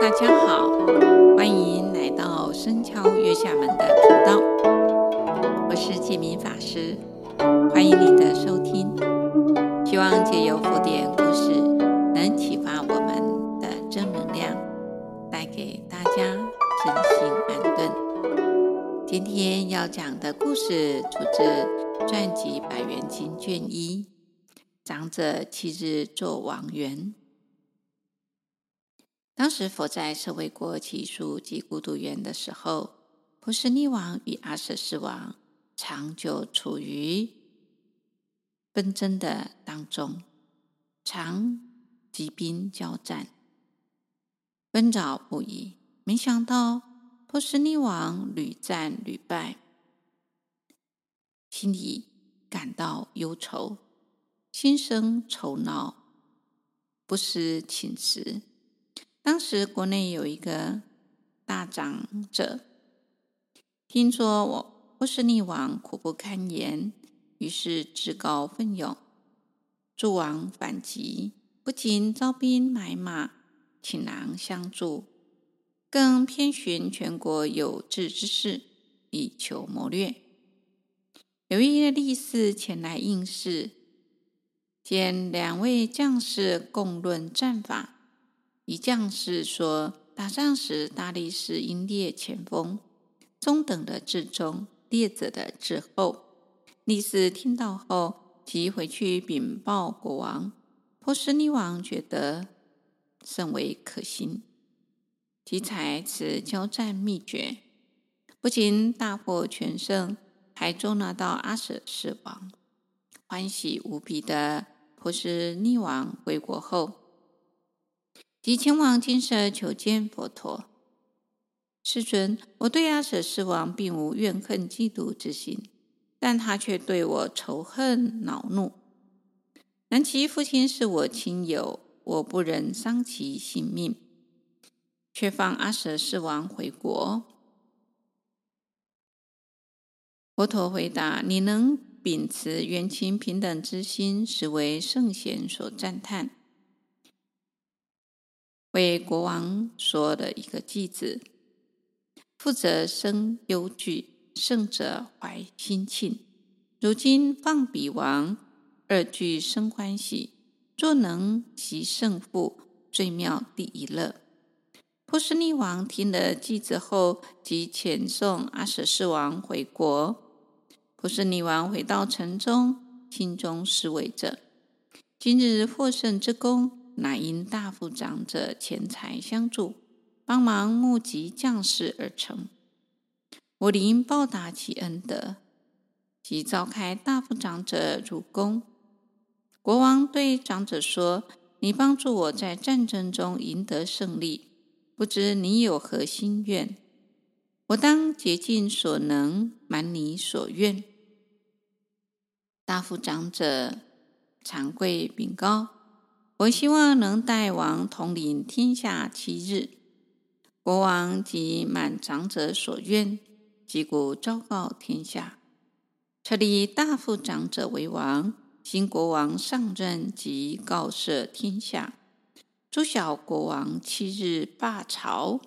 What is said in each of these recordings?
大家好，歡迎來到僧敲月下門的頻道，我是建民法師，歡迎您的收聽。希望借由佛典故事能啟發我們的正能量，帶給大家身心安頓。今天要講的故事出自《撰集百緣經》卷一，長者七日作王緣。當時，佛在舍衛國祇樹給孤獨園的時候，波斯匿王與阿闍世王長久處於紛爭的當中，常集兵交戰，紛擾不已。沒想到波斯匿王屢戰屢敗，心裡感到憂愁，心生愁惱，不思寢食。當時國內有一個大長者，聽說波斯匿王苦不堪言，於是自告奮勇助王反擊。不僅招兵買馬，傾囊相助，更遍尋全國有智之士，以求謀略。有一位力士前來應試，見兩位將士共論戰法。一將士說：“打仗時，大力士應列前鋒，中等的置中，劣者的置後。”力士聽到後，即回去稟報國王。波斯匿王覺得甚為可行，即採此交戰祕訣，不僅大獲全勝，還捉拿到阿闍世王，歡喜無比的波斯匿王回國後，即前往精舍求見佛陀。世尊，我對阿闍世王並無怨恨嫉妒之心，但他卻對我仇恨惱怒。然其父親是我親友，我不忍傷其性命，卻放阿闍世王回國。佛陀回答：你能秉持冤親平等之心，實為聖賢所讚嘆。為國王說的一個偈子：“負則生憂懼，勝者懷欣慶。汝今放彼王，二俱生歡喜。若能息勝負，最妙第一樂。”波斯匿王聽了偈子後，即遣送阿闍世王回國。波斯匿王回到城中，心中思惟着：“今日獲勝之功。”乃因大富長者錢財相助，幫忙募集將士而成。我理應報答其恩德，即召開大富長者入宮。國王對長者說：“你幫助我在戰爭中贏得勝利，不知你有何心願？我當竭盡所能，滿你所願。”大富長者長跪稟告。我希望能代王統領天下七日，國王即滿長者所願，擊鼓召告天下，冊立大富長者為王。新國王上任即告敕天下，諸小國王七日罷朝，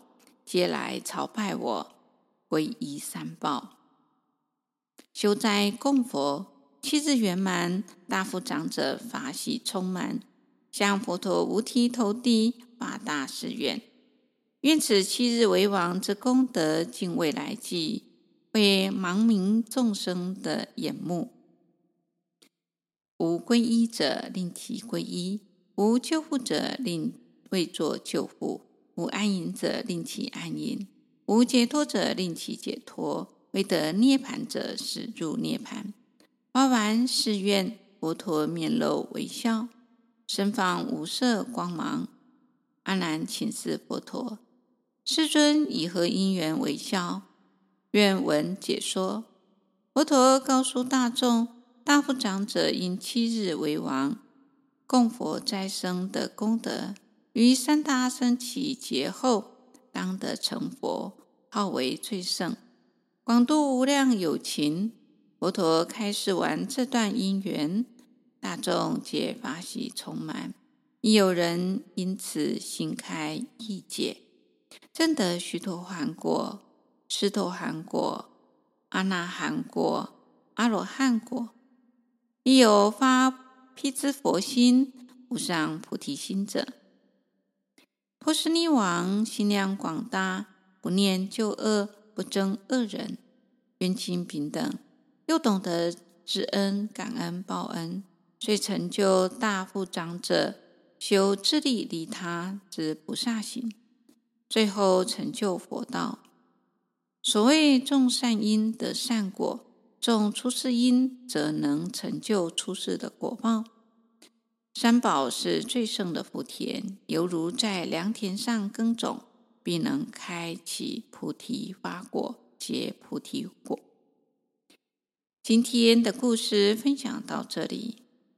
皆來朝拜我，皈依三寶，修齋供佛，七日圓滿，大富長者法喜充滿，向佛陀五體投地發大誓願，願此七日為王之功德，盡未來際，為盲冥眾生的眼目。無皈依者，令其皈依；無救護者，為作救護；無安穩者，令其安穩；無解脫者，令其解脫；未得涅盤者，使入涅盤。發完誓願，佛陀面露微笑，身放五色光芒，阿難請示佛陀：“世尊以何因緣微笑？願聞解說。”佛陀告訴大眾：“大富長者因七日為王，供佛齋僧的功德，於三大阿僧祇劫後，當得成佛，號為最勝，廣度無量有情。”佛陀開示完這段因緣。大眾皆法喜充滿，亦有人因此心開意解。證得須陀洹果、斯陀含果、阿那含果、阿羅漢果。亦有發辟支佛心、無上菩提心者。波斯匿王心量廣大，不念舊惡，不憎惡人，冤親平等，又懂得知恩、感恩、報恩。遂成就大富長者修自利利他之菩薩行，最後成就佛道。所謂種善因，得善果，種出世因則能成就出世的果報。三寶是最勝的福田，猶如在良田上耕種，必能開啟菩提花果，結菩提果。今天的故事分享到這裡。